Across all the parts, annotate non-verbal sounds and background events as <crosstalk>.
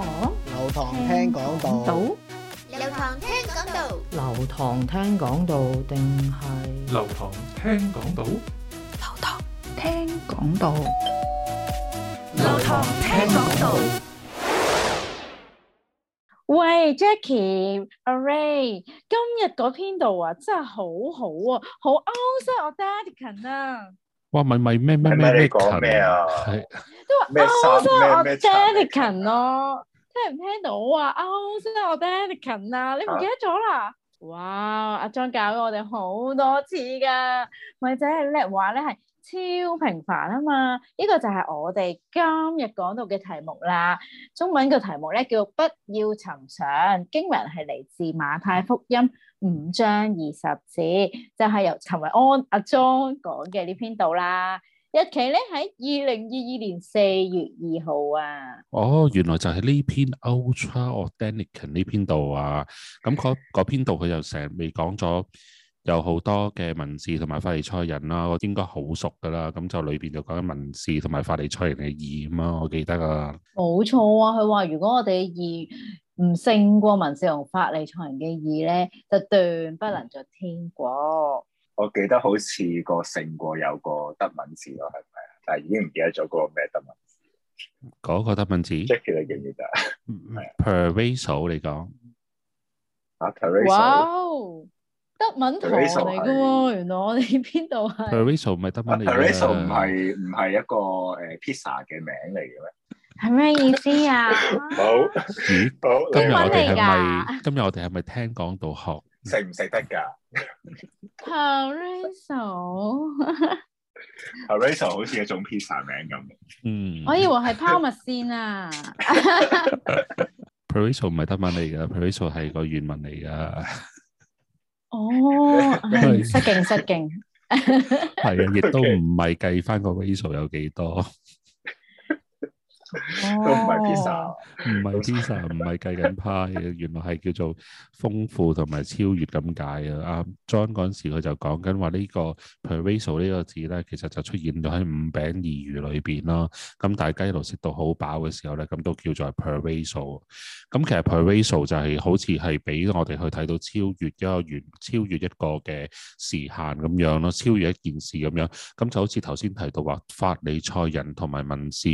流堂聽講道，流堂聽講道，流堂聽講道定係流堂聽講道，流堂聽講道，流堂聽講道。喂，Jackie，阿 Ray，今日嗰篇度啊，真係好好啊，好 authentic 啊。哇，咪咪咩咩咩咩群啊，都話咩 authentic 咯。聽唔聽到啊？澳洲 American 啊，你唔記得咗啦？啊、哇！阿莊教咗我哋好多次噶，咪即係咧話咧係超平凡啊嘛。呢、這個就係我哋今日講到嘅題目啦。中文嘅題目咧叫不要尋常，經文係嚟自馬太福音五章二十節，就係、是、由陳維安阿莊講嘅呢篇道啦。日期咧喺二零二二年四月二號啊！哦，原來就係呢篇《Ultra Authentic》呢篇度啊！咁、嗯、嗰篇度佢就成日未講咗有好多嘅文士同埋法利賽人啦、啊，我應該好熟噶啦。咁就裏邊就講緊文士同埋法利賽人嘅義咁啊，我記得啊。冇錯啊！佢話如果我哋嘅義唔勝過文士同法利賽人嘅義咧，就斷不能進天國。我記得好似個勝過有個德文字咯，係咪啊？但係已經唔記得咗嗰個咩德文字。嗰個德文字。即係你記唔記得啊？Pereso 你講。哇哦，德文堂嚟㗎喎！原來我哋邊度啊？Pereso 唔係德文嚟嘅。Pereso 唔係唔係一個誒 pizza 嘅名嚟嘅咩？係咩意思啊？好，今日我哋係咪今日我哋係咪聽講道學？食唔食得噶？Paraiso，Paraiso 好似一種 pizza 名咁。嗯，我以為係拋物線啊。Paraiso 唔係德文嚟噶，Paraiso 係個原文嚟噶。哦，失敬失敬，係啊，亦都唔係計翻個 Paraiso 有幾多。都唔係 pizza，唔係 pizza，唔係計緊派嘅， <laughs> 原來係叫做豐富同埋超越咁解嘅。啊，John 嗰時佢就講緊話呢個 perusal 呢個字咧，其實就出現咗喺五餅二魚，魚裏邊咯。咁大家一路食到好飽嘅時候咧，咁都叫做 perusal。咁其實 perusal 就係好似係俾我哋去睇到超越一個原，超越一個嘅時限咁樣咯，超越一件事咁樣。咁就好似頭先提到話法利賽人同埋文士。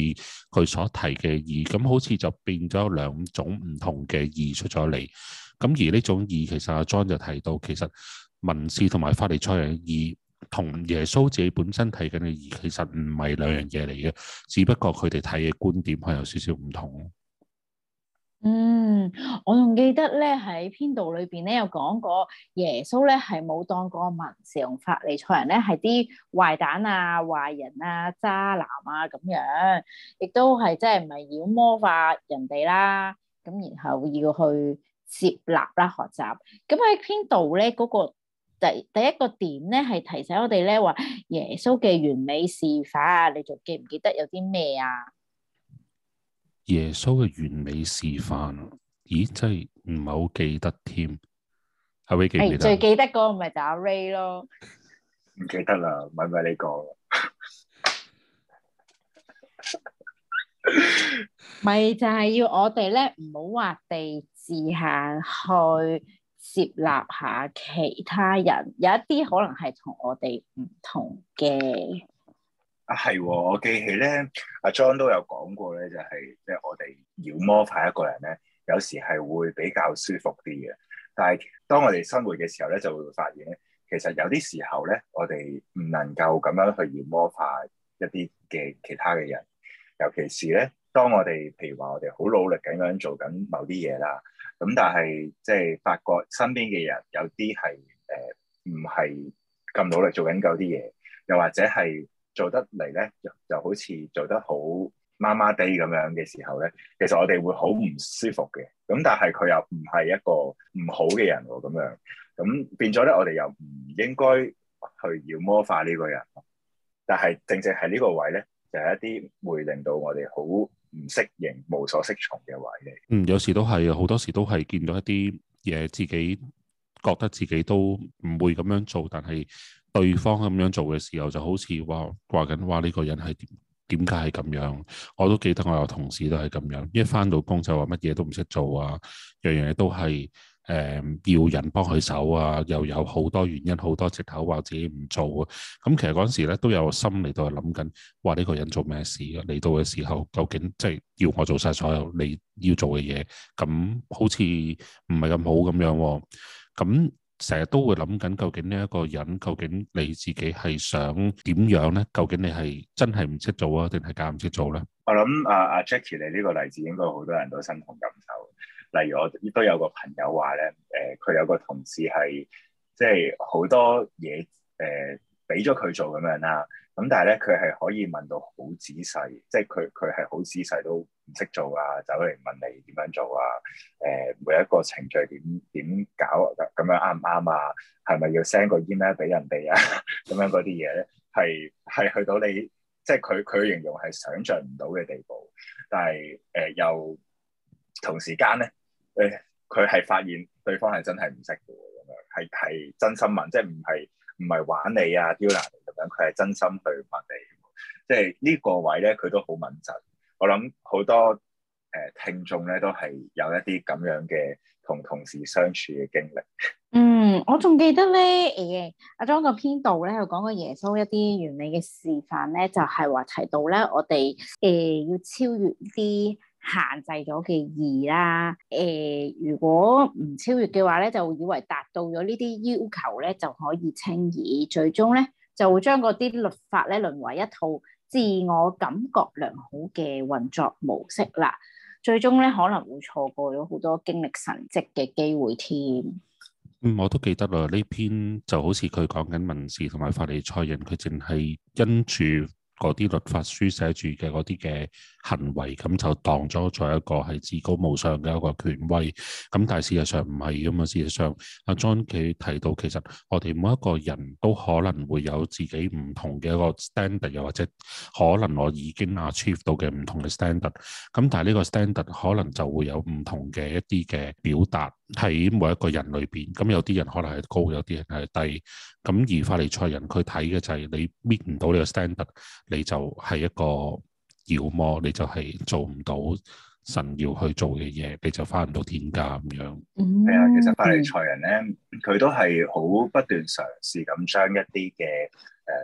佢所。提嘅義，咁好似就變咗有兩種唔同嘅義出咗嚟，咁而呢種義，其實阿莊就提到，其實文字同埋法利賽嘅義，同耶穌自己本身睇緊嘅義，其實唔係兩樣嘢嚟嘅，只不過佢哋睇嘅觀點係有少少唔同。嗯，我仲記得咧喺編導裡邊咧有講過耶穌咧係冇當過民，用法利賽人咧係啲壞蛋啊、壞人啊、渣男啊咁樣，亦都係即係唔係妖魔化人哋啦，咁然後要去接納啦、學習。咁喺編導咧嗰、那個第第一個點咧係提醒我哋咧話耶穌嘅完美示範，你仲記唔記得有啲咩啊？耶穌嘅完美示範。咦，真係唔係好記得添，係咪記唔記得？最記得嗰個咪就係阿 Ray 咯，唔記得啦，咪咪呢個，咪 <laughs> <coughs> <coughs> 就係要我哋咧唔好話地自行去接納下其他人，有一啲可能係同我哋唔同嘅。啊，係，我記起咧，阿 John 都有講過咧，就係即係我哋妖魔化一個人咧，有時係會比較舒服啲嘅。但係當我哋生活嘅時候咧，就會發現咧，其實有啲時候咧，我哋唔能夠咁樣去妖魔化一啲嘅其他嘅人，尤其是咧，當我哋譬如話我哋好努力咁樣做緊某啲嘢啦，咁但係即係發覺身邊嘅人有啲係誒唔係咁努力做緊夠啲嘢，又或者係。做得嚟咧，就就好似做得好麻麻地咁樣嘅時候咧，其實我哋會好唔舒服嘅。咁但係佢又唔係一個唔好嘅人喎。啊，咁樣咁變咗咧，我哋又唔應該去妖魔化呢個人。但係正正係呢個位咧，就係、是、一啲會令到我哋好唔適應、無所適從嘅位嚟。嗯，有時都係，好多時都係見到一啲嘢，自己覺得自己都唔會咁樣做，但係。對方咁樣做嘅時候，就好似話話緊，哇！呢個人係點點解係咁樣？我都記得我有同事都係咁樣，一返到工就話乜嘢都唔識做啊，樣樣嘢都係誒、呃、要人幫佢手啊，又有好多原因好多藉口話自己唔做啊。咁其實嗰陣時咧都有心嚟到諗緊，話呢個人做咩事嘅？嚟到嘅時候，究竟即係要我做晒所有你要做嘅嘢？咁好似唔係咁好咁樣喎。咁成日都會諗緊，究竟呢一個人，究竟你自己係想點樣咧？究竟你係真係唔識做啊，定係假唔識做咧？我諗阿阿 Jackie，你呢個例子應該好多人都身同感受。例如我亦都有個朋友話咧，誒、呃、佢有個同事係即係好多嘢誒。呃俾咗佢做咁樣啦，咁但係咧佢係可以問到好仔細，即係佢佢係好仔細都唔識做啊，走嚟問你點樣做啊？誒，每一個程序點點搞咁樣啱唔啱啊？係咪要 send 個 email 俾人哋啊？咁樣嗰啲嘢咧係係去到你即係佢佢形容係想像唔到嘅地步，但係誒、呃、又同時間咧誒，佢、呃、係發現對方係真係唔識嘅喎，咁樣係係真心問，即係唔係？唔係玩你啊，刁難你咁、啊、樣，佢係真心去問你。即係呢個位咧，佢都好穩陣。我諗好多誒、呃、聽眾咧，都係有一啲咁樣嘅同同事相處嘅經歷。嗯，我仲記得咧，誒，阿莊個編導咧，又講過耶穌一啲完美嘅示範咧，就係、是、話提到咧，我哋誒、呃、要超越啲。限制咗嘅二啦，誒，如果唔超越嘅話咧，就會以為，達到咗呢啲要求咧，就可以稱義，最終咧就會將嗰啲律法咧淪為一套自我感覺良好嘅運作模式啦。最終咧可能會錯過咗好多經歷神蹟嘅機會添。嗯，我都記得啦，呢篇就好似佢講緊文字同埋法利賽人，佢淨係因住。嗰啲律法書寫住嘅嗰啲嘅行為，咁就當咗作一個係至高無上嘅一個權威。咁但係事實上唔係咁啊！事實上，阿 John 佢提到，其實我哋每一個人都可能會有自己唔同嘅一個 standard，又或者可能我已經 achieve 到嘅唔同嘅 standard。咁但係呢個 standard 可能就會有唔同嘅一啲嘅表達。喺每一個人裏邊，咁有啲人可能係高，有啲人係低，咁而法利賽人佢睇嘅就係你搣唔到呢個 standard，你就係一個妖魔，你就係做唔到神要去做嘅嘢，你就返唔到天家咁樣，嗯。嗯，係啊，其實法利賽人咧，佢都係好不斷嘗試咁將一啲嘅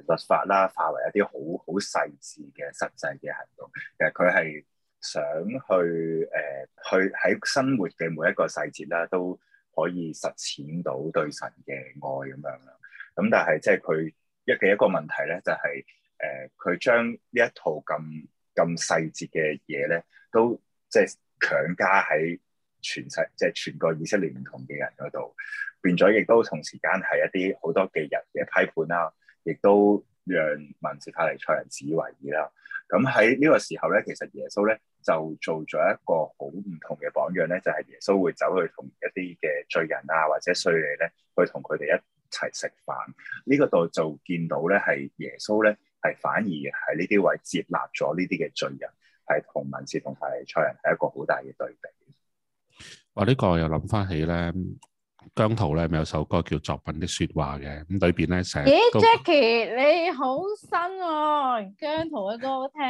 誒律法啦，化為一啲好好細緻嘅實際嘅行動。其實佢係。想去誒、呃、去喺生活嘅每一個細節啦，都可以實踐到對神嘅愛咁樣啦。咁但係即係佢一嘅一個問題咧，就係誒佢將呢一套咁咁細節嘅嘢咧，都即係強加喺全世即係全個以色列唔同嘅人嗰度，變咗亦都同時間係一啲好多嘅人嘅批判啦，亦都讓文士法利賽人自以為義啦。咁喺呢個時候咧，其實耶穌咧就做咗一個好唔同嘅榜樣咧，就係、是、耶穌會走去同一啲嘅罪人啊或者稅吏咧，去同佢哋一齊食飯。呢、這個度就見到咧，係耶穌咧係反而喺呢啲位接納咗呢啲嘅罪人，係同文士同埋賽人係一個好大嘅對比。哇！呢、這個又諗翻起咧～姜濤咧，咪有首歌叫《作品的說話》嘅，咁裏邊咧成日。咦、欸、，Jackie 你好新哦、啊，姜濤嘅歌好聽，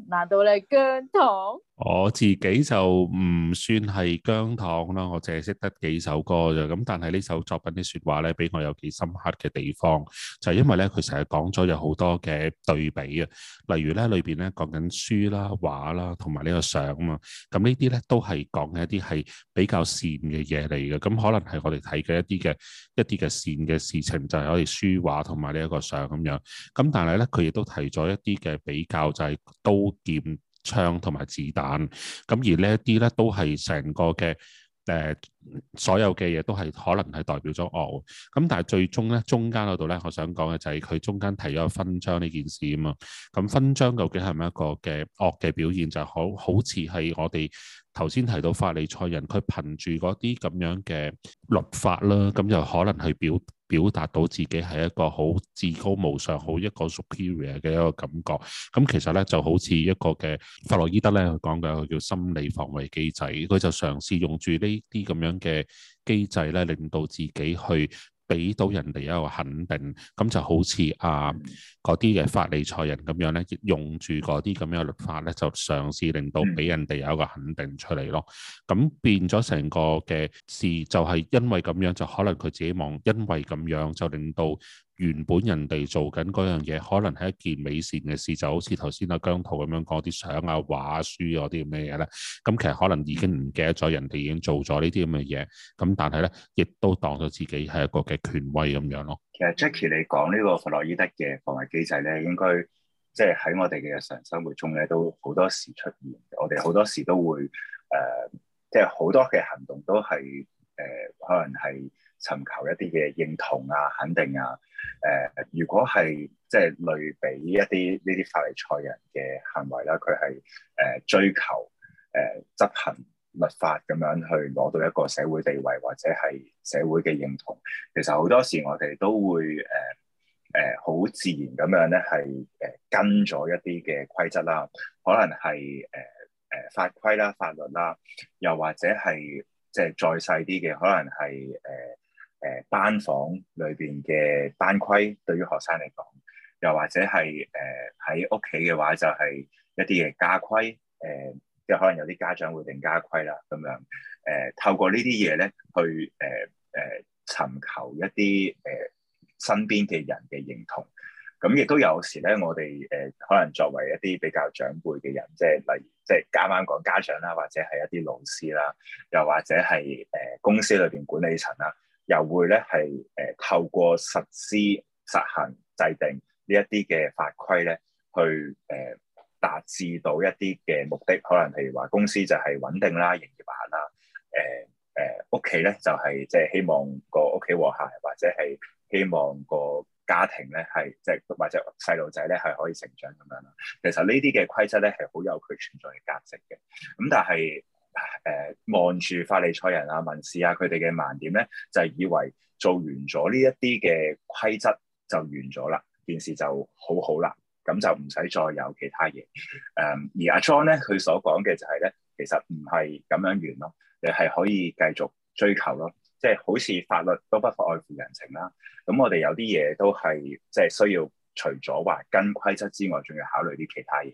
<laughs> 難道你係姜濤？我自己就唔算係姜糖啦，我淨係識得幾首歌啫。咁但係呢首作品啲說話咧，俾我有幾深刻嘅地方，就係、是、因為咧佢成日講咗有好多嘅對比啊。例如咧裏邊咧講緊書啦、畫啦，同埋呢個相啊。咁、嗯、呢啲咧都係講嘅一啲係比較善嘅嘢嚟嘅。咁、嗯、可能係我哋睇嘅一啲嘅一啲嘅善嘅事情，就係可以書畫同埋呢一個相咁樣。咁、嗯、但係咧佢亦都提咗一啲嘅比較，就係刀劍。槍同埋子彈，咁而呢一啲咧都係成個嘅，誒、呃，所有嘅嘢都係可能係代表咗惡。咁但係最終咧中間嗰度咧，我想講嘅就係佢中間提咗分章呢件事啊嘛。咁分章究竟係咪一個嘅惡嘅表現？就好好似係我哋頭先提到法利賽人，佢憑住嗰啲咁樣嘅律法啦，咁又可能係表。表達到自己係一個好至高無上、好一個 superior 嘅一個感覺，咁其實咧就好似一個嘅弗洛伊德咧，佢講嘅佢叫心理防衛機制，佢就嘗試用住呢啲咁樣嘅機制咧，令到自己去。俾到人哋一個肯定，咁就好似啊嗰啲嘅法利賽人咁樣呢，用住嗰啲咁樣嘅律法呢，就嘗試令到俾人哋有一個肯定出嚟咯。咁變咗成個嘅事，就係因為咁樣，就可能佢自己望，因為咁樣就令到。原本人哋做緊嗰樣嘢，可能係一件美善嘅事，就好似頭先阿姜濤咁樣講啲相啊、畫書啊啲咁嘅嘢咧。咁其實可能已經唔記得咗，人哋已經做咗呢啲咁嘅嘢。咁但係咧，亦都當咗自己係一個嘅權威咁樣咯。其實 Jackie 你講呢個弗洛伊德嘅防衛機制咧，應該即係喺我哋嘅日常生活中咧，都好多時出現。我哋好多時都會誒，即係好多嘅行動都係誒、呃，可能係尋求一啲嘅認同啊、肯定啊。誒、呃，如果係即係類比一啲呢啲法利賽人嘅行為啦，佢係誒追求誒執、呃、行律法咁樣去攞到一個社會地位或者係社會嘅認同，其實好多時我哋都會誒誒好自然咁樣咧係誒跟咗一啲嘅規則啦，可能係誒誒法規啦、法律啦，又或者係即係再細啲嘅，可能係誒。呃誒班、呃、房裏邊嘅班規對於學生嚟講，又或者係誒喺屋企嘅話，就係一啲嘅家規，誒、呃、即係可能有啲家長會定家規啦，咁樣誒、呃、透過呢啲嘢咧去誒誒、呃呃、尋求一啲誒、呃、身邊嘅人嘅認同，咁亦都有時咧，我哋誒、呃、可能作為一啲比較長輩嘅人，即係例如即係啱啱講家長啦，或者係一啲老師啦，又或者係誒、呃、公司裏邊管理層啦。又會咧係誒透過實施、實行、制定呢一啲嘅法規咧，去誒、呃、達至到一啲嘅目的，可能譬如話公司就係穩定啦、營業額啦，誒誒屋企咧就係即係希望個屋企和諧，或者係希望個家庭咧係即係或者細路仔咧係可以成長咁樣啦。其實規則呢啲嘅規則咧係好有佢存在嘅價值嘅，咁但係，誒，望住、呃、法利賽人啊、文士啊，佢哋嘅盲點咧，就係以為做完咗呢一啲嘅規則就完咗啦，件事就好好啦，咁就唔使再有其他嘢。誒、呃，而阿 John 咧，佢所講嘅就係咧，其實唔係咁樣完咯，你係可以繼續追求咯，即係好似法律都不妨外乎人情啦。咁我哋有啲嘢都係即係需要除咗話跟規則之外，仲要考慮啲其他嘢。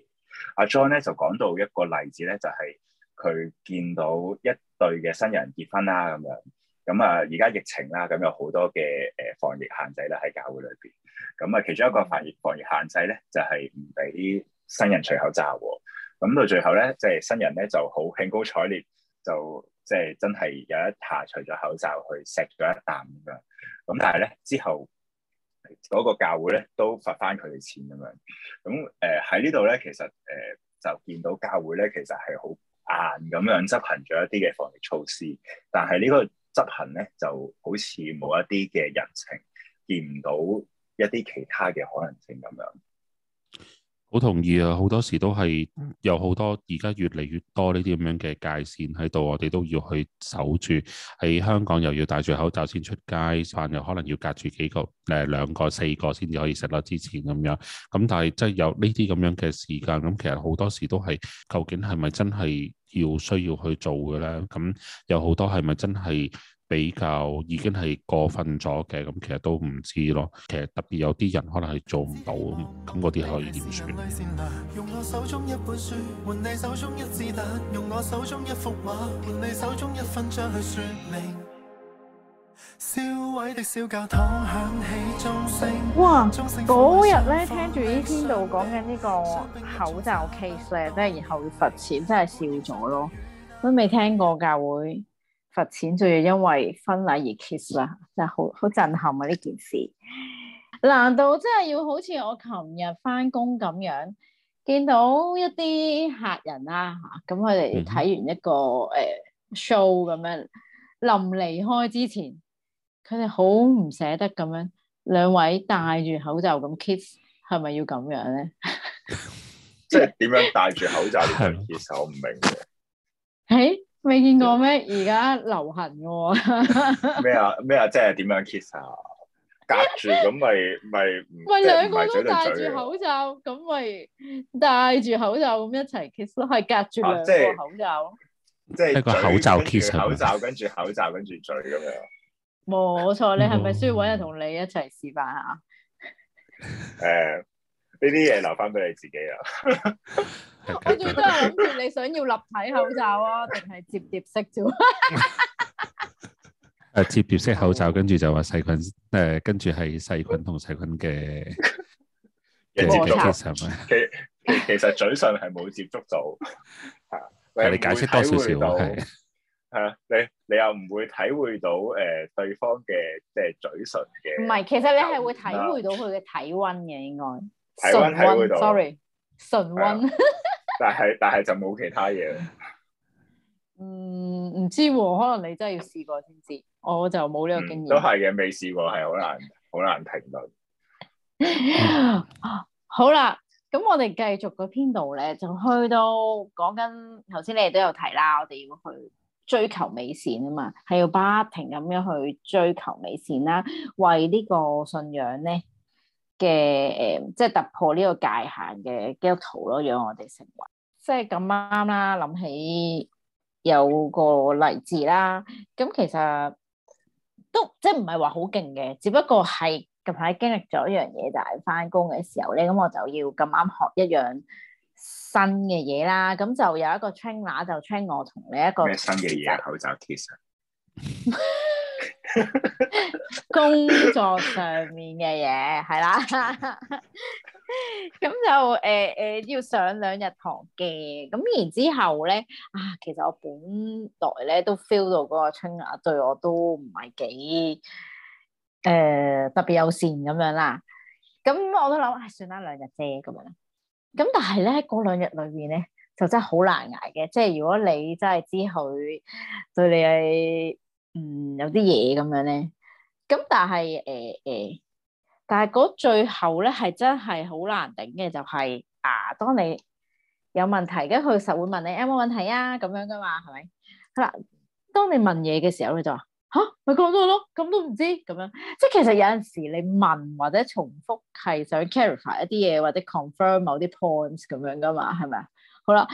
阿 John 咧就講到一個例子咧，就係。去見到一對嘅新人結婚啦咁樣，咁啊而家疫情啦，咁有好多嘅誒防疫限制咧喺教會裏邊。咁啊，其中一個防疫防疫限制咧，就係唔俾新人除口罩喎。咁到最後咧，即係新人咧就好興高采烈，就即係真係有一下除咗口罩去錫咗一啖咁樣。咁但係咧之後，嗰個教會咧都罰翻佢哋錢咁樣。咁誒喺呢度咧，其實誒就見到教會咧，其實係好。硬咁樣執行咗一啲嘅防疫措施，但係呢個執行呢就好似冇一啲嘅人情，見唔到一啲其他嘅可能性咁樣。好同意啊！好多時都係有好多，而家越嚟越多呢啲咁樣嘅界線喺度，我哋都要去守住。喺香港又要戴住口罩先出街，飯又可能要隔住幾個誒兩個、四個先至可以食咯。之前咁樣，咁、嗯、但係即係有呢啲咁樣嘅時間，咁、嗯、其實好多時都係究竟係咪真係要需要去做嘅咧？咁、嗯、有好多係咪真係？比較已經係過分咗嘅，咁其實都唔知咯。其實特別有啲人可能係做唔到，咁嗰啲可以點算？用我手中一本書換你手中一支筆，用我手中一幅畫換你手中一分章去說明。燒毀的小教堂響起鐘聲。哇！嗰日咧聽住呢天度講緊呢個口罩 case，即係然後罰錢，真係笑咗咯，都未聽過教會。罰錢，仲要因為婚禮而 kiss 啦，真係好好震撼啊！呢件事，難道真係要好似我琴日翻工咁樣，見到一啲客人啦、啊，吓咁佢哋睇完一個誒、呃、show 咁樣臨離開之前，佢哋好唔捨得咁樣，兩位戴住口罩咁 kiss，係咪要咁樣咧？ <laughs> <laughs> 即係點樣戴住口罩唔接 <laughs> 我唔明嘅。嘿。未見過咩？而家流行喎。咩啊？咩啊？即係點樣 kiss 啊？隔住咁咪咪唔咪兩個都戴住口罩，咁咪戴住口罩咁一齊 kiss 都、啊、係隔住兩個口罩。啊、即係一個口罩 kiss 啊！口罩嗎跟住口罩跟住嘴咁樣。冇錯，你係咪需要搵人同你一齊示範下？誒、嗯，呢啲嘢留翻俾你自己啦。 <laughs> 跟住即係，你想要立體口罩啊，定係折疊式啫？誒，折疊式口罩，跟住就話細菌，誒、呃，跟住係細菌同細菌嘅 <laughs> 接觸其。其實嘴唇係冇接觸到。吓，你解釋多少少？吓，你你又唔會體會到誒、啊 <laughs> 呃、對方嘅即係嘴唇嘅？唔係，其實你係會體會到佢嘅體溫嘅，應該。體溫，sorry，唇温。但係但係就冇其他嘢咯。嗯，唔知喎，啊，可能你真係要試過先知，我就冇呢個經驗、嗯。都係嘅，未試過係好難，難 <laughs> 好難評論。好啦，咁我哋繼續個篇度咧，就去到講緊頭先，你哋都有提啦，我哋要去追求美善啊嘛，係要不停咁樣去追求美善啦，為呢個信仰咧。嘅誒，即係突破呢個界限嘅基督徒咯，讓我哋成為即係咁啱啦。諗起有個例子啦，咁其實都即係唔係話好勁嘅，只不過係近排經歷咗一樣嘢，就係翻工嘅時候咧，咁我就要咁啱學一樣新嘅嘢啦。咁就有一個 trainer 就 train 我同你一個新嘅嘢，口罩，其實。 <laughs> 工作上面嘅嘢係啦，咁 <laughs> 就誒誒、呃呃、要上兩日堂嘅，咁然之後咧啊，其實我本來咧都 feel 到嗰個 trainer 對我都唔係幾誒、呃、特別友善咁樣啦，咁我都諗唉算啦兩日啫咁樣，咁但係咧嗰兩日裏面咧就真係好難挨嘅，即係如果你真係知佢對你係。嗯，有啲嘢咁樣咧，咁但係誒誒，但係嗰最後咧係真係好難頂嘅，就係啊，當你有問題，咁佢實會問你有冇問題啊，咁樣噶嘛，係咪？好啦，當你問嘢嘅時候，佢就話吓，咪講多咯，咁都唔知，咁樣，即係其實有陣時你問或者重複係想 clarify 一啲嘢或者 confirm 某啲 points 咁樣噶嘛，係咪啊？好啦，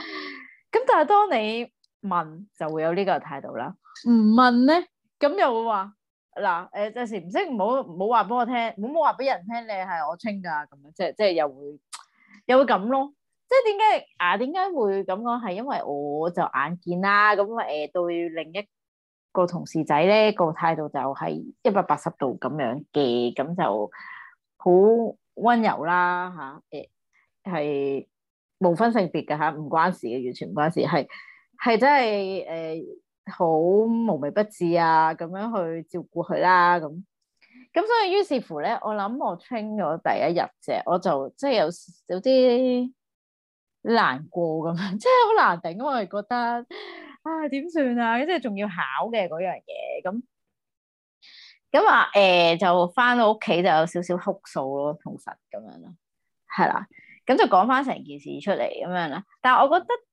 咁但係當你問就會有呢個態度啦，唔問咧。咁又會話嗱誒，有時唔識，唔好唔好話俾我聽，唔好唔好話俾人聽，你係我清噶咁樣，即係即係又會又會咁咯。即係點解啊？點解會咁講？係因為我就眼見啦。咁誒對另一個同事仔咧個態度就係一百八十度咁樣嘅，咁就好溫柔啦嚇誒，係冇分性別㗎嚇，唔關事嘅，完全唔關事，係係真係誒。好無微不至啊，咁樣去照顧佢啦，咁咁所以於是乎咧，我諗我 train 咗第一日啫，我就即係有有啲難過咁樣，即係好難頂，我係覺得啊點算啊，即係仲要考嘅嗰樣嘢，咁咁啊誒就翻到屋企就有少少哭訴咯，同時咁樣咯，係啦，咁就講翻成件事出嚟咁樣啦，但係我覺得。啊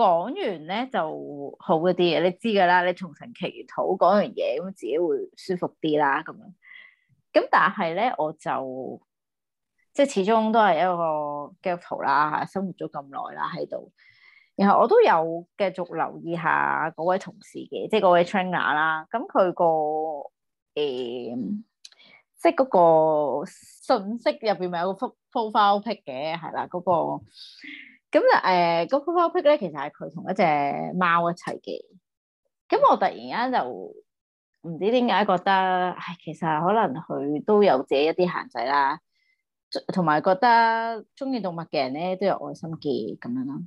講完咧就好一啲嘅，你知噶啦，你重承祈禱講完嘢，咁自己會舒服啲啦，咁樣。咁但係咧，我就即係始終都係一個基督徒啦嚇，生活咗咁耐啦喺度。然後我都有繼續留意下嗰位同事嘅，即係嗰位 trainer 啦。咁、嗯、佢、嗰個誒，即係嗰個訊息入邊咪有個 profile pic 嘅，係啦，嗰、嗰個。咁誒，就呃嗰個 photo pic 咧，其實係佢同一隻貓一齊嘅。咁我突然間就唔知點解覺得，唉，其實可能佢都有自己一啲限制啦。同埋覺得中意動物嘅人咧都有愛心嘅咁樣咯，啊。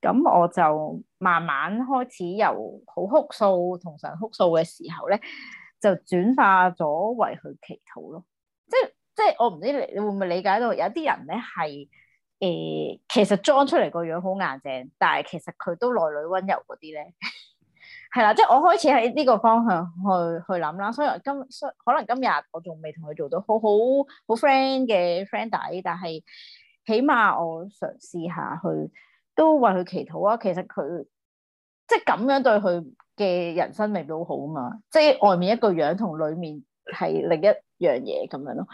咁我就慢慢開始由好哭訴，同神哭訴嘅時候咧，就轉化咗為去祈禱咯。即即我唔知你你會唔會理解到，有啲人咧係。誒，其實裝出嚟，個樣好硬淨，但係其實佢都內裏溫柔嗰啲咧，係 <laughs> 啦，即係我開始喺呢個方向去去諗啦。雖然今，可能今日我仲未同佢做到好好好 friend 嘅 friend 仔，但係起碼我嘗試下去，都為佢祈禱啊。其實佢即係咁樣對佢嘅人生未都好好啊嘛。即係外面一個樣，同裏面係另一樣嘢咁樣咯。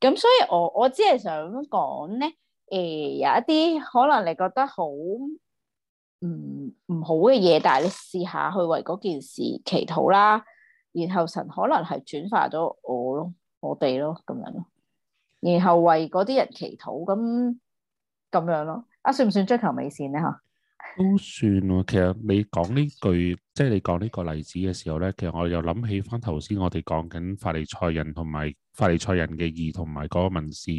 咁所以我我只係想講咧。誒、欸，有一啲可能你覺得、嗯、好唔唔好嘅嘢，但係你試下去為嗰件事祈禱啦，然後神可能係轉化咗我咯，我哋咯咁樣咯，然後為嗰啲人祈禱咁咁樣，樣咯，啊算唔算追求美善咧吓？都算喎，其實你講呢句，即係你講呢個例子嘅時候呢，其實我又諗起翻頭先我哋講緊法利賽人同埋法利賽人嘅義，同埋嗰個文字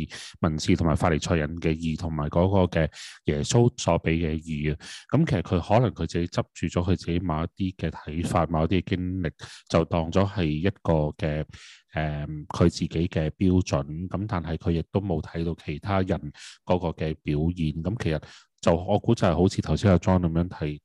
文字同埋法利賽人嘅義，同埋嗰個嘅耶穌所俾嘅義啊。咁、嗯、其實佢可能佢自己執住咗佢自己某一啲嘅睇法，嗯、某一啲嘅經歷，就當咗係一個嘅誒佢自己嘅標準。咁、嗯、但係佢亦都冇睇到其他人嗰個嘅表現。咁、嗯、其實。就我估就係好似頭先阿 John 咁樣提，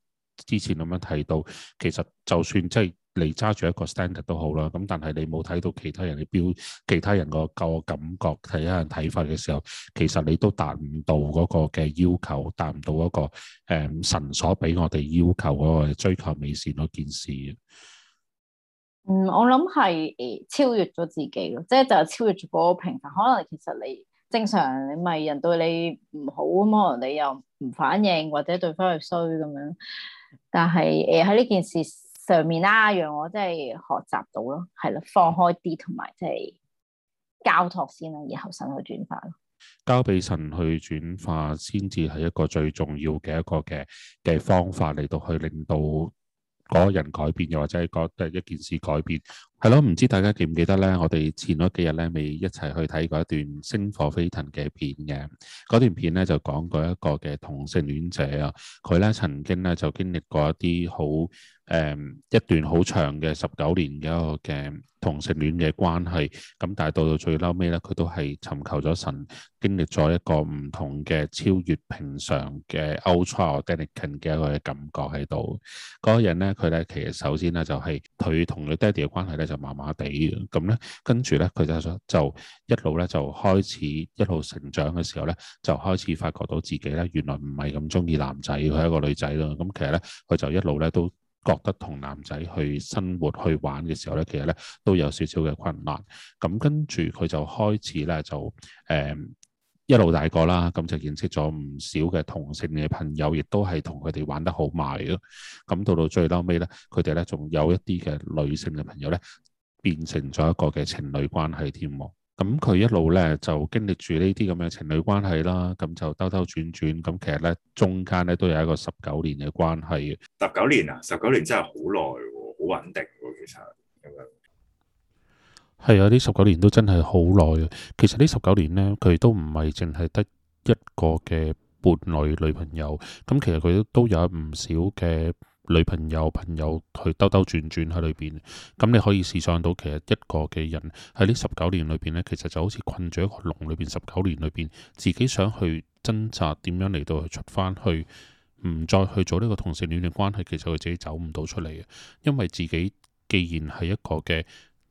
之前咁樣提到，其實就算即係你揸住一個 standard 都好啦。咁但係你冇睇到其他人嘅標，其他人個個感覺、其他人睇法嘅時候，其實你都達唔到嗰個嘅要求，達唔到嗰、嗰個、嗯、神所俾我哋要求嗰、嗰個追求美善嗰件事。嗯，我諗係誒超越咗自己咯，即係就係、超越咗個平衡。可能其實你正常，你咪人對你唔好咁，可能你又～唔反應或者對方係衰咁樣，但係誒喺呢件事上面啦，讓我真係學習到咯，係啦，放開啲同埋即係交託先啦，然後神去轉化。交俾神去轉化，先至係一個最重要嘅一個嘅嘅方法嚟到去令到嗰個人改變，又或者係覺得一件事改變。係咯，唔知大家記唔記得呢？我哋前嗰幾日呢，未一齊去睇過一段《星火飛騰》嘅片嘅。段片呢，就講過一個嘅同性戀者啊，佢呢曾經呢，就經歷過一啲好誒一段好長嘅十九年嘅一個嘅同性戀嘅關係。咁但係到到最嬲尾呢，佢都係尋求咗神，經歷咗一個唔同嘅超越平常嘅 outro 嘅感覺喺度。嗰、那個人呢，佢呢其實首先呢，就係佢同佢爹哋嘅關係呢。就。麻麻地咁咧，跟住咧佢就就一路咧就開始一路成長嘅時候咧，就開始發覺到自己咧，原來唔係咁中意男仔，佢係一個女仔啦。咁、嗯、其實咧，佢就一路咧都覺得同男仔去生活去玩嘅時候咧，其實咧都有少少嘅困難。咁、嗯、跟住佢就開始咧就誒。呃一路大個啦，咁就認識咗唔少嘅同性嘅朋友，亦都係同佢哋玩得好埋咯。咁到到最嬲尾咧，佢哋咧仲有一啲嘅女性嘅朋友咧，變成咗一個嘅情侶關係添。咁佢一路咧就經歷住呢啲咁嘅情侶關係啦，咁就兜兜轉轉，咁其實咧中間咧都有一個十九年嘅關係。十九年啊，十九年真係好耐，好穩定喎，其實。係啊，呢十九年都真係好耐啊。其實呢十九年呢，佢都唔係淨係得一個嘅伴侶女朋友。咁其實佢都有唔少嘅女朋友朋友去兜兜轉轉喺裏邊。咁你可以試想到，其實一個嘅人喺呢十九年裏邊呢，其實就好似困住一個籠裏邊，十九年裏邊自己想去掙扎點樣嚟到去出翻去，唔再去做呢個同性戀嘅關係，其實佢自己走唔到出嚟嘅，因為自己既然係一個嘅。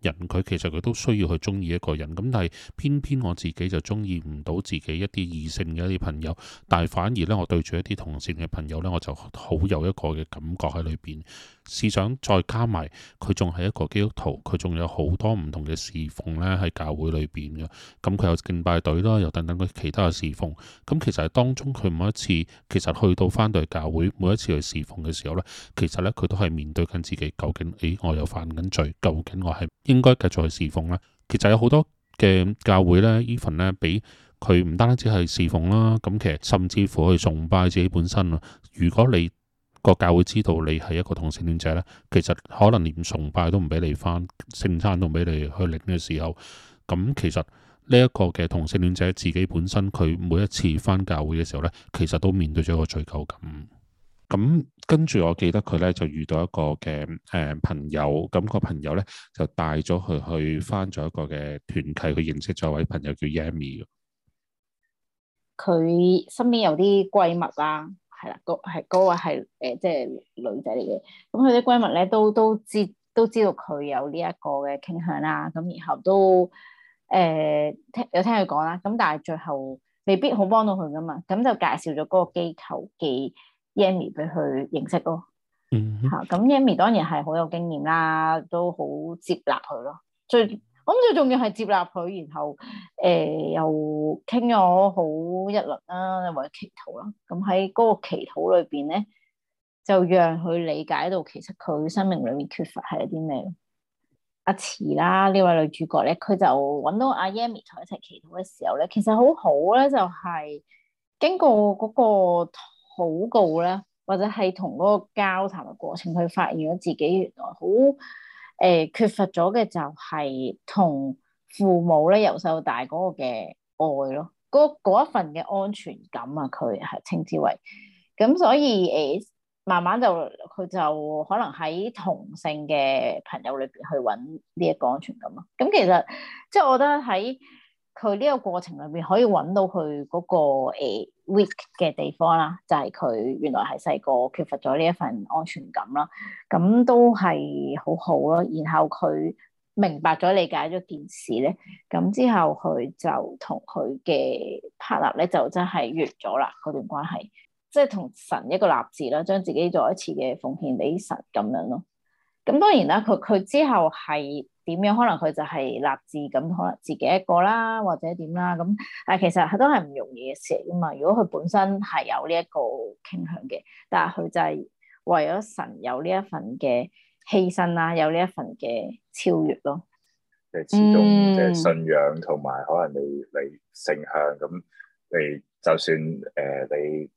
人佢其實佢都需要去中意一個人咁，但係偏偏我自己就中意唔到自己一啲異性嘅一啲朋友，但係反而呢，我對住一啲同性嘅朋友呢，我就好有一個嘅感覺喺裏邊。試想再加埋，佢仲係一個基督徒，佢仲有好多唔同嘅侍奉咧喺教會裏邊嘅。咁佢有敬拜隊啦，又等等佢其他嘅侍奉。咁其實係當中佢每一次，其實去到翻到去教會，每一次去侍奉嘅時候咧，其實咧佢都係面對緊自己，究竟誒我又犯緊罪，究竟我係應該繼續去侍奉咧？其實有好多嘅教會咧，呢份咧俾佢唔單止係侍奉啦，咁其實甚至乎去崇拜自己本身啊。如果你個教會知道你係一個同性戀者咧，其實可能連崇拜都唔俾你翻，聖餐都唔俾你去領嘅時候，咁其實呢一個嘅同性戀者自己本身佢每一次翻教會嘅時候咧，其實都面對咗一個罪疚感。咁跟住我記得佢咧就遇到一個嘅誒朋友，咁個朋友咧就帶咗佢去翻咗一個嘅團契，佢認識咗位朋友叫 Yami，佢身邊有啲閨蜜啊。係啦，嗰係嗰係誒，即係女仔嚟嘅。咁佢啲閨蜜咧都都知都知道佢有呢一個嘅傾向啦。咁然後都誒有、呃、聽佢講啦。咁但係最後未必好幫到佢噶嘛。咁就介紹咗嗰個機構嘅 Yami 俾佢認識咯。Mm hmm. 嗯，嚇，咁 Yami 當然係好有經驗啦，都好接納佢咯。最咁最重要係接納佢。然後誒、呃、又傾咗好一輪啦，或者祈禱啦。咁喺嗰個祈禱裏邊咧，就讓佢理解到其實佢生命裏面缺乏係一啲咩？阿、啊、慈啦，呢位女主角咧，佢就揾到阿 Yami 同佢一齊祈禱嘅時候咧，其實好好咧就係、是、經過嗰個禱告咧，或者係同嗰個交談嘅過程，佢發現咗自己原來好。誒、呃，缺乏咗嘅就係同父母咧由細到大嗰個嘅愛咯，嗰一份嘅安全感啊，佢係稱之為，咁所以誒、呃、慢慢就佢就可能喺同性嘅朋友裏邊去搵呢一個安全感啊，咁其實即係我覺得喺。佢呢個過程裏邊可以揾到佢嗰、那個、uh, weak 嘅地方啦，就係、是、佢原來係細個缺乏咗呢一份安全感啦，咁都係好好咯。然後佢明白咗、理解咗件事咧，咁之後佢就同佢嘅 partner 咧就真係完咗啦，嗰段關係，即係同神一個立志啦，將自己再一次嘅奉獻俾神咁樣咯。咁當然啦，佢佢之後係。點樣？可能佢就係立志咁，可能自己一個啦，或者點啦咁。但係其實係都係唔容易嘅事嚟噶嘛。如果佢本身係有呢一個傾向嘅，但係佢就係為咗神有呢一份嘅犧牲啦，有呢一份嘅超越咯。係始終嘅信仰同埋可能你你性向咁，你就算誒、呃、你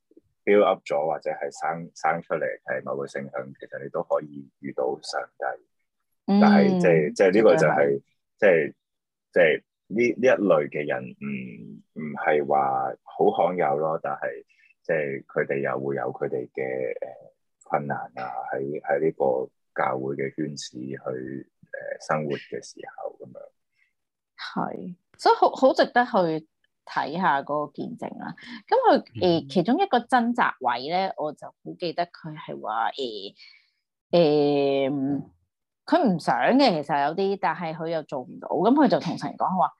build up 咗或者係生生出嚟係某個性向，其實你都可以遇到上帝。但係即係即係呢個就係即係即係呢呢一類嘅人唔唔係話好罕有咯，但係即係佢哋又會有佢哋嘅誒困難啊，喺喺呢個教會嘅圈子去誒、呃、生活嘅時候咁樣。係，所以好好值得去睇下嗰個見證啦。咁佢誒其中一個掙扎位咧，我就好記得佢係話誒誒。呃呃呃佢唔想嘅，其實有啲，但係佢又做唔到，咁佢就同神講話，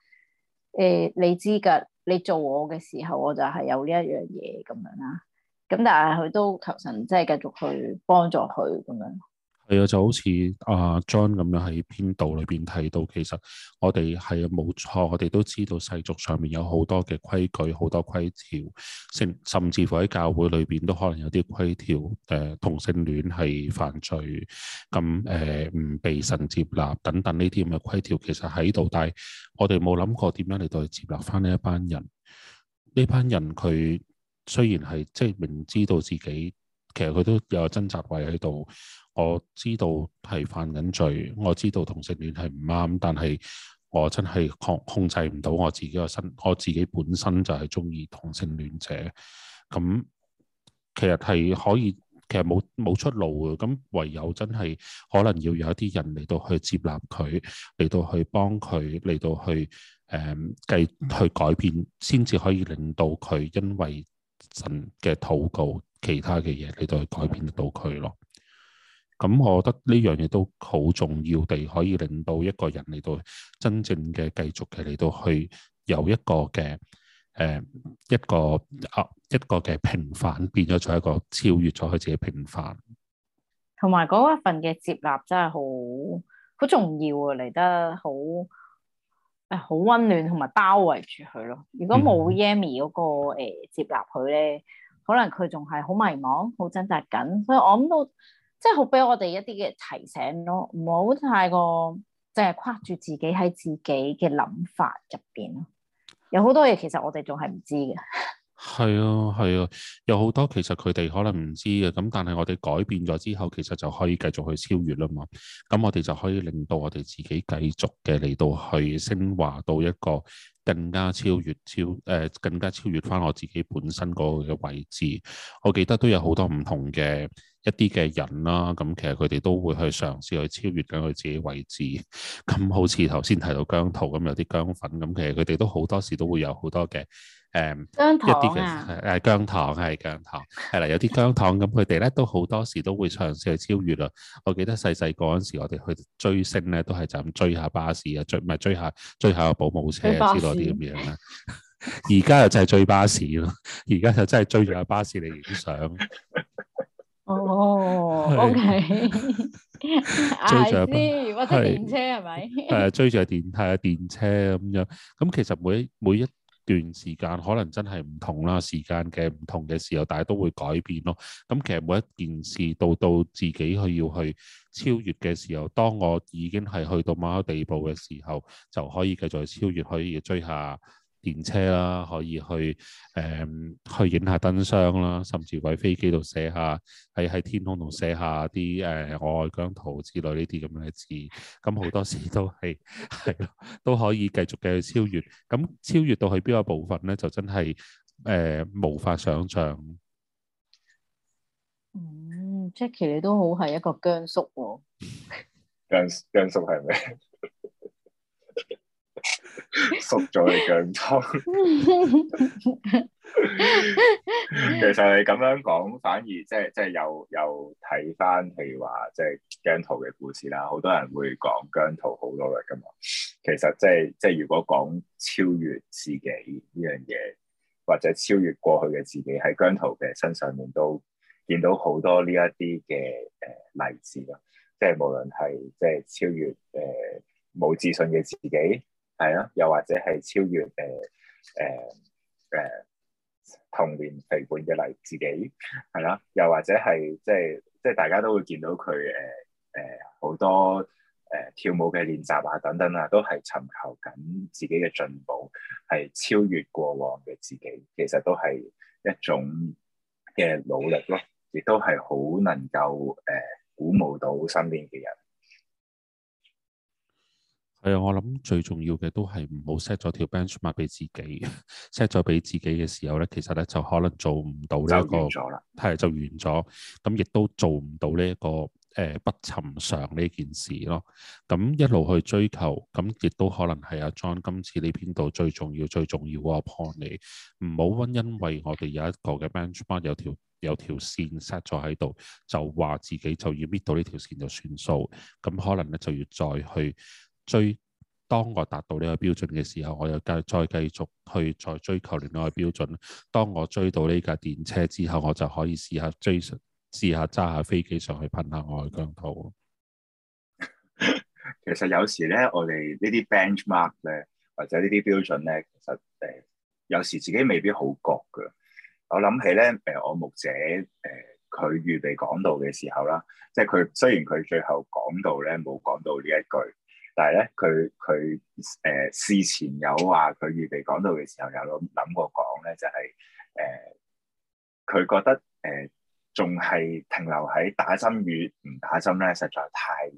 誒、呃，你知㗎，你做我嘅時候，我就係有呢一樣嘢咁樣啦。咁但係佢都求神，即係繼續去幫助佢咁樣。係、 <noise> 嗯、就好似阿 John 咁樣喺編導裡邊睇到，其實我哋係冇錯，我哋都知道世俗上面有好多嘅規矩，好多規條，甚甚至乎喺教會裡邊都可能有啲規條，誒、呃，同性戀係犯罪，咁誒唔被神接納等等呢啲咁嘅規條，其實喺度，但係我哋冇諗過點樣嚟到接納翻呢一班人。呢班人佢雖然係即係明知道自己。其實佢都有掙扎位喺度，我知道係犯緊罪，我知道同性戀係唔啱，但係我真係控控制唔到我自己個身，我自己本身就係中意同性戀者，咁其實係可以，其實冇冇出路嘅，咁唯有真係可能要有一啲人嚟到去接納佢，嚟到去幫佢，嚟到去誒，繼、嗯、去改變，先至可以令到佢因為。神嘅禱告，其他嘅嘢，你都去改變得到佢咯。咁我覺得呢樣嘢都好重要地，可以令到一個人嚟到真正嘅繼續嘅嚟到去由一個嘅，誒、呃，一個、啊、一個嘅平凡變咗做一個超越咗佢自己平凡。同埋嗰一份嘅接納真係好好重要啊，嚟得好。誒，好溫暖同埋包圍住佢咯。如果冇 Yamy 嗰、嗰個誒、欸、接納佢咧，可能佢仲係好迷茫，好掙扎緊。所以我諗到，即係好俾我哋一啲嘅提醒咯，唔好太過淨係框住自己喺自己嘅諗法入邊咯。有好多嘢其實我哋仲係唔知嘅。 <laughs> 係啊，係啊，有好多其實佢哋可能唔知嘅，咁但係我哋改變咗之後，其實就可以繼續去超越啦嘛。咁我哋就可以令到我哋自己繼續嘅嚟到去升華到一個更加超越超誒、呃，更加超越翻我自己本身嗰個嘅位置。我記得都有好多唔同嘅。一啲嘅人啦，咁其實佢哋都會去嘗試去超越緊佢自己位置。咁好似頭先提到姜濤咁，有啲姜粉咁，其實佢哋都好多時都會有好多嘅誒一啲嘅誒姜糖係、啊啊、姜糖係啦，有啲姜糖咁，佢哋咧都好多時都會嘗試去超越啦。我記得細細個嗰陣時，我哋去追星咧，都係就咁追下巴士啊，追唔係追下追下個保姆車啊之類啲咁樣啦。而 <laughs> 家又真係追巴士咯，而家就真係追住個巴士嚟影相。哦、oh，OK， <laughs> 追住著 <music> 啊，或者是 <music> 電，電車係咪？係追住啊電梯啊電車咁樣。咁 <laughs> 其實每每一段時間可能真係唔同啦，時間嘅唔同嘅時候，大家都會改變咯。咁其實每一件事到到自己去要去超越嘅時候，當我已經係去到某個地步嘅時候，就可以繼續超越，可以追下。電車啦，可以去誒、呃、去影下燈箱啦，甚至喺飛機度寫下喺喺天空度寫下啲誒我愛姜濤之類呢啲咁嘅字，咁好多時都係係都可以繼續繼續超越，咁超越到去邊個部分咧？就真係誒、呃、無法想象。嗯，Jackie 你都好係一個姜叔喎、哦，姜姜 <laughs> 叔係咩？ <laughs> 熟咗嘅你姜濤 <laughs> ，其實你咁樣講反而即係即係又又睇翻，譬如話即係姜濤嘅故事啦，好多人會講姜濤好多嘅嘛。其實即係即係如果講超越自己呢樣嘢，或者超越過去嘅自己，喺姜濤嘅身上面都見到好多呢一啲嘅誒例子啦。即係無論係即係超越誒冇、呃，自信嘅自己。係咯，又或者係超越誒誒誒童年肥胖嘅黎自己，係啦，又或者係即係即係大家都會見到佢誒誒好多誒、呃、跳舞嘅練習啊等等啊，都係尋求緊自己嘅進步，係超越過往嘅自己，其實都係一種嘅努力咯，啊，亦都係好能夠誒、呃、鼓舞到身邊嘅人。係啊、嗯，我諗最重要嘅都係唔好 set 咗條 benchmark 俾自己，set 咗俾自己嘅時候咧，其實咧就可能做唔到呢、這、一個，就完咗啦，係就完咗，咁亦都做唔到呢、這、一個誒、呃、不尋常呢件事咯。咁一路去追求，咁亦都可能係阿 John 今次呢邊度最重要最重要個 point，唔好因因為我哋有一個嘅 benchmark 有條有條線 set 咗喺度，就話自己就要 meet 到呢條線就算數，咁可能咧就要再去追，當我達到呢個標準嘅時候，我又繼再繼續去再追求另外嘅標準。當我追到呢架電車之後，我就可以試下追上，試下揸下飛機上去噴下外疆土。嗯、 <laughs> 其實有時咧，我哋呢啲 benchmark 咧，或者呢啲標準咧，其實誒、呃、有時自己未必好覺嘅。我諗起咧誒、呃，我牧者誒佢預備講道嘅時候啦，即係佢雖然佢最後講道咧冇講到呢一句。但係咧，佢佢誒事前有話，佢預備講道嘅時候，有諗諗過講咧，就係、是、誒，佢、呃、覺得誒仲係停留喺打針與唔打針咧，實在太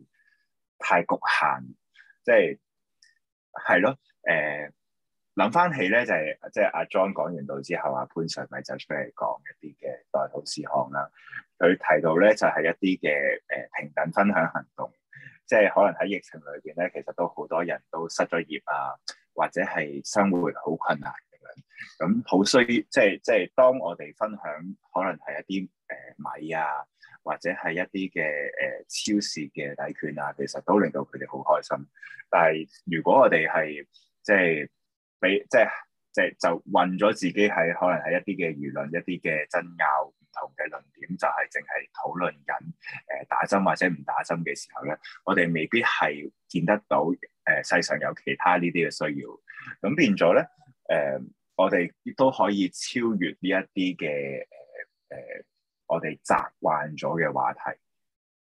太局限，即係係咯誒。諗翻起咧，就係即係阿 John 講完道之後，阿、啊、潘 Sir 咪就出嚟講一啲嘅代禱事項啦。佢提到咧，就係、是、一啲嘅誒平等分享行動。即係可能喺疫情裏邊咧，其實都好多人都失咗業啊，或者係生活好困難咁、啊、樣。咁好衰，即係即係當我哋分享可能係一啲誒、呃、米啊，或者係一啲嘅誒超市嘅抵券啊，其實都令到佢哋好開心。但係如果我哋係即係俾即係即係就混咗自己喺可能係一啲嘅輿論一啲嘅爭拗。唔同嘅論點就係淨係討論緊誒打針或者唔打針嘅時候咧，我哋未必係見得到誒、呃、世上有其他呢啲嘅需要，咁變咗咧誒，我哋亦都可以超越呢一啲嘅誒誒，我哋習慣咗嘅話題，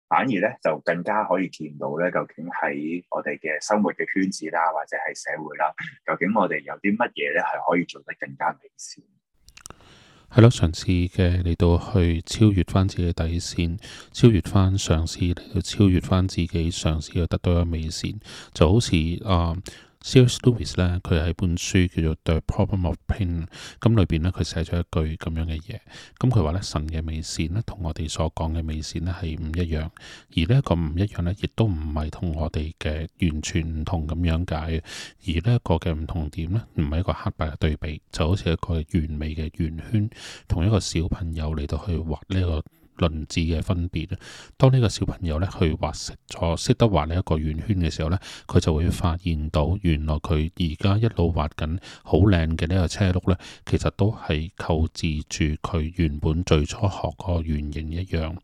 反而咧就更加可以見到咧，究竟喺我哋嘅生活嘅圈子啦，或者係社會啦，究竟我哋有啲乜嘢咧係可以做得更加明顯。係咯，嘗試嘅嚟到去超越翻自己底線，超越翻嘗試嚟到超越翻自己嘗試，去達到一個美線，就好似啊～、uh, C. S. Lewis 咧，佢喺本書叫做《The Problem of Pain》咁，裏邊咧佢寫咗一句咁樣嘅嘢。咁佢話咧，神嘅美善咧，同我哋所講嘅美善咧係唔一樣。而呢一個唔一樣咧，亦都唔係同我哋嘅完全唔同咁樣解。而呢一個嘅唔同點咧，唔係一個黑白嘅對比，就好似一個完美嘅圓圈，同一個小朋友嚟到去畫呢、這個。輪子嘅分別啊，當呢個小朋友咧去畫識咗識得畫呢一個圓圈嘅時候咧，佢就會發現到原來佢而家一路畫緊好靚嘅呢個車轆咧，其實都係構置住佢原本最初學個圓形一樣。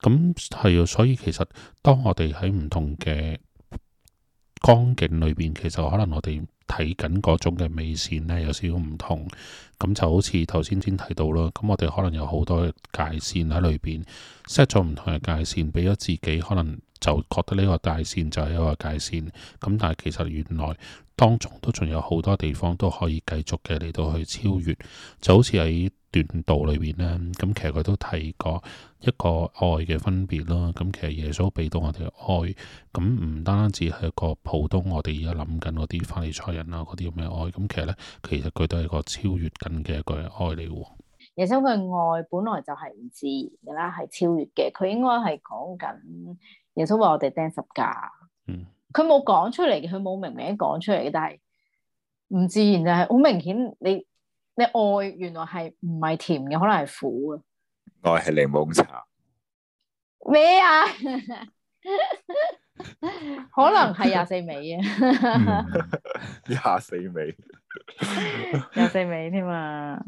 咁係啊，所以其實當我哋喺唔同嘅光景裏邊，其實可能我哋睇緊嗰種嘅尾線呢，有少少唔同，咁就好似頭先先睇到咯，咁我哋可能有好多界線喺裏邊 set 咗唔同嘅界線，俾咗自己可能就覺得呢個界線就係一個界線，咁但係其實原來當中都仲有好多地方都可以繼續嘅嚟到去超越，就好似喺段道裏邊咧，咁其實佢都提過一個愛嘅分別咯。咁其實耶穌俾到我哋嘅愛，咁唔單止係個普通我哋而家諗緊嗰啲法利賽人啦，嗰啲咁嘅愛。咁其實咧，其實佢都係個超越緊嘅一個愛嚟。耶穌嘅愛本來就係唔自然嘅啦，係超越嘅。佢應該係講緊耶穌話我哋釘十架。嗯，佢冇講出嚟嘅，佢冇明明講出嚟嘅，但係唔自然就係好明顯你。你愛原來係唔係甜嘅，可能係苦，哦，檸檬茶啊！愛係檸檬茶咩啊？可能係廿， <laughs> 嗯，四味啊！廿 <laughs> 四味，廿四味添嘛？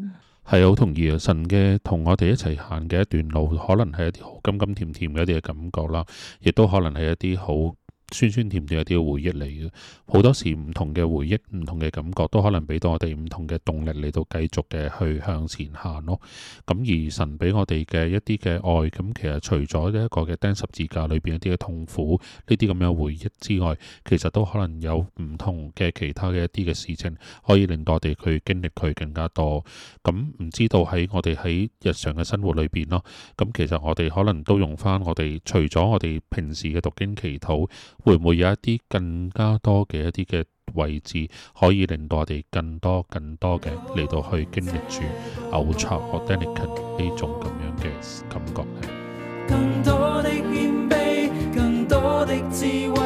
係好同意啊！神嘅同我哋一齊行嘅一段路，可能係一啲好甘甘甜甜嘅一啲嘅感覺啦，亦都可能係一啲好。酸酸甜甜一啲嘅回憶嚟嘅，好多時唔同嘅回憶，唔同嘅感覺，都可能俾到我哋唔同嘅動力嚟到繼續嘅去向前行咯。咁而神俾我哋嘅一啲嘅愛，咁其實除咗呢一個嘅釘十字架裏邊一啲嘅痛苦，呢啲咁樣回憶之外，其實都可能有唔同嘅其他嘅一啲嘅事情，可以令到我哋去經歷佢更加多。咁唔知道喺我哋喺日常嘅生活裏邊咯，咁其實我哋可能都用翻我哋除咗我哋平時嘅讀經祈禱。會唔會有一啲更加多嘅一啲嘅位置，可以令到我哋更多更多嘅嚟到去經歷住 extraordinary 呢種咁樣嘅感覺咧？更多的謙卑，更多的智慧。